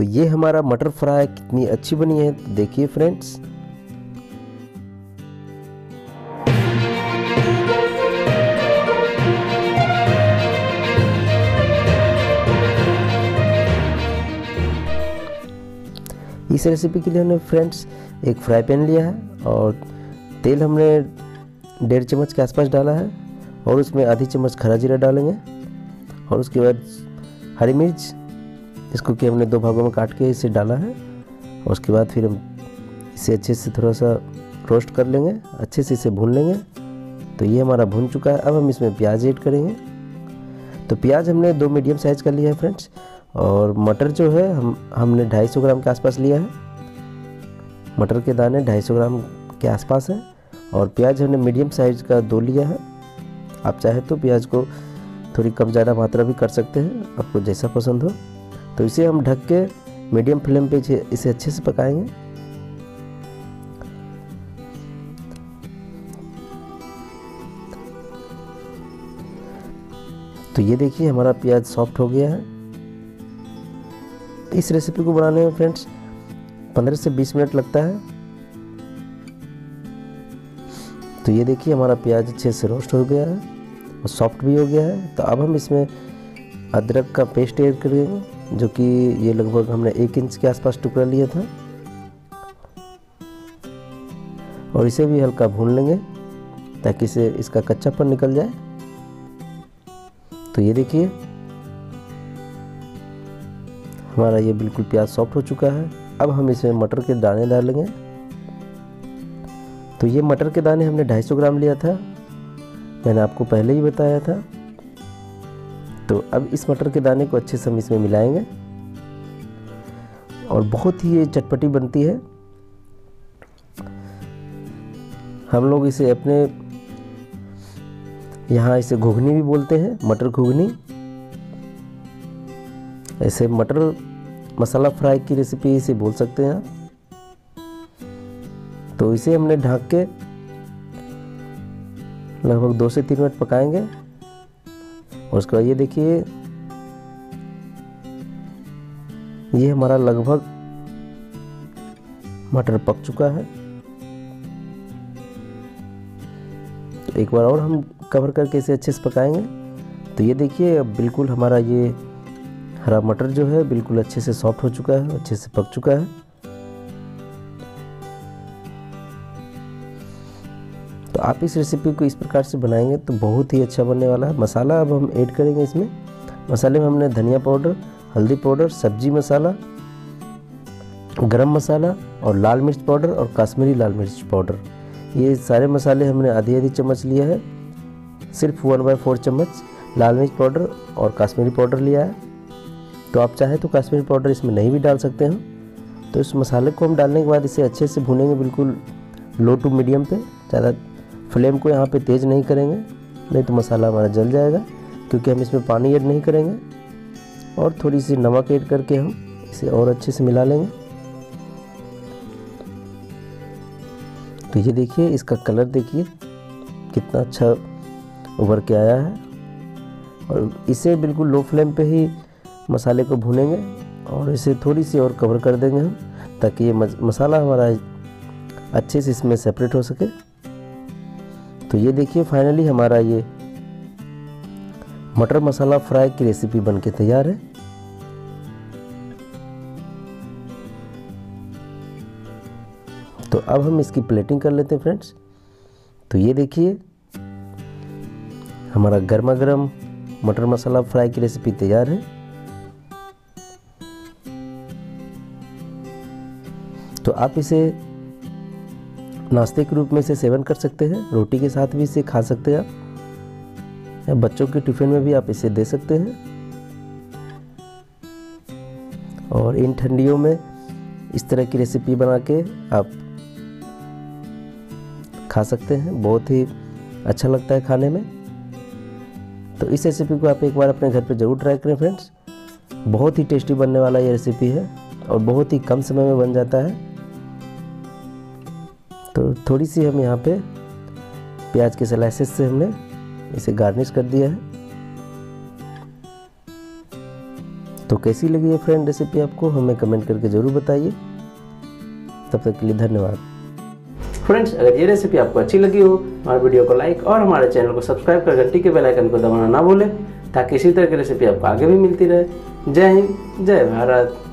तो ये हमारा मटर फ्राई कितनी अच्छी बनी है तो देखिए फ्रेंड्स इस रेसिपी के लिए हमने फ्रेंड्स एक फ्राई पैन लिया है और तेल हमने डेढ़ चम्मच के आसपास डाला है और उसमें आधी चम्मच खरा जीरा डालेंगे और उसके बाद हरी मिर्च इसको कि हमने दो भागों में काट के इसे डाला है और उसके बाद फिर हम इसे अच्छे से थोड़ा सा रोस्ट कर लेंगे अच्छे से इसे भून लेंगे तो ये हमारा भून चुका है अब हम इसमें प्याज ऐड करेंगे तो प्याज हमने दो मीडियम साइज़ का लिया है फ्रेंड्स और मटर जो है हम हमने 250 ग्राम के आसपास लिया है मटर के दाने 250 ग्राम के आसपास हैं और प्याज हमने मीडियम साइज़ का दो लिया है आप चाहे तो प्याज को थोड़ी कम ज़्यादा मात्रा भी कर सकते हैं आपको जैसा पसंद हो तो इसे हम ढक के मीडियम फ्लेम पे इसे अच्छे से पकाएंगे तो ये देखिए हमारा प्याज सॉफ्ट हो गया है तो इस रेसिपी को बनाने में फ्रेंड्स 15 से 20 मिनट लगता है तो ये देखिए हमारा प्याज अच्छे से रोस्ट हो गया है और सॉफ्ट भी हो गया है तो अब हम इसमें अदरक का पेस्ट ऐड करेंगे जो कि ये लगभग हमने एक इंच के आसपास टुकड़ा लिया था और इसे भी हल्का भून लेंगे ताकि इसे इसका कच्चापन निकल जाए तो ये देखिए हमारा ये बिल्कुल प्याज सॉफ्ट हो चुका है अब हम इसे मटर के दाने डालेंगे तो ये मटर के दाने हमने 250 ग्राम लिया था मैंने आपको पहले ही बताया था तो अब इस मटर के दाने को अच्छे से हम इसमें मिलाएंगे और बहुत ही ये चटपटी बनती है हम लोग इसे अपने यहाँ इसे घुघनी भी बोलते हैं मटर घुघनी ऐसे मटर मसाला फ्राई की रेसिपी इसे बोल सकते हैं तो इसे हमने ढाक के लगभग दो से तीन मिनट पकाएंगे और उसके बाद ये देखिए ये हमारा लगभग मटर पक चुका है तो एक बार और हम कवर करके इसे अच्छे से पकाएंगे तो ये देखिए अब बिल्कुल हमारा ये हरा मटर जो है बिल्कुल अच्छे से सॉफ्ट हो चुका है अच्छे से पक चुका है तो आप इस रेसिपी को इस प्रकार से बनाएंगे तो बहुत ही अच्छा बनने वाला है मसाला अब हम ऐड करेंगे इसमें मसाले में हमने धनिया पाउडर हल्दी पाउडर सब्जी मसाला गरम मसाला और लाल मिर्च पाउडर और कश्मीरी लाल मिर्च पाउडर ये सारे मसाले हमने आधी आधी चम्मच लिया है सिर्फ वन बाई फोर चम्मच लाल मिर्च पाउडर और कश्मीरी पाउडर लिया है तो आप चाहे तो कश्मीरी पाउडर इसमें नहीं भी डाल सकते हैं तो इस मसाले को हम डालने के बाद इसे अच्छे से भूनेंगे बिल्कुल लो टू मीडियम पे ज़्यादा फ्लेम को यहाँ पे तेज़ नहीं करेंगे नहीं तो मसाला हमारा जल जाएगा क्योंकि हम इसमें पानी ऐड नहीं करेंगे और थोड़ी सी नमक ऐड करके हम इसे और अच्छे से मिला लेंगे तो ये देखिए इसका कलर देखिए कितना अच्छा उभर के आया है और इसे बिल्कुल लो फ्लेम पे ही मसाले को भूनेंगे और इसे थोड़ी सी और कवर कर देंगे हम ताकि ये मसाला हमारा अच्छे से इसमें सेपरेट हो सके तो ये देखिए फाइनली हमारा ये मटर मसाला फ्राई की रेसिपी बनके तैयार है तो अब हम इसकी प्लेटिंग कर लेते हैं फ्रेंड्स तो ये देखिए हमारा गर्मा गर्म मटर मसाला फ्राई की रेसिपी तैयार है तो आप इसे नाश्ते के रूप में इसे सेवन कर सकते हैं रोटी के साथ भी इसे खा सकते हैं आप बच्चों के टिफिन में भी आप इसे दे सकते हैं और इन ठंडियों में इस तरह की रेसिपी बना के आप खा सकते हैं बहुत ही अच्छा लगता है खाने में तो इस रेसिपी को आप एक बार अपने घर पर ज़रूर ट्राई करें फ्रेंड्स बहुत ही टेस्टी बनने वाला ये रेसिपी है और बहुत ही कम समय में बन जाता है थोड़ी सी हम यहाँ पे प्याज के स्लाइसेस से हमने इसे गार्निश कर दिया है तो कैसी लगी है फ्रेंड रेसिपी आपको हमें कमेंट करके ज़रूर बताइए तब तक के लिए धन्यवाद फ्रेंड्स अगर ये रेसिपी आपको अच्छी लगी हो हमारे वीडियो को लाइक और हमारे चैनल को सब्सक्राइब कर घंटी के बेलाइकन को दबाना ना भूलें ताकि इसी तरह की रेसिपी आपको आगे भी मिलती रहे जय हिंद जय भारत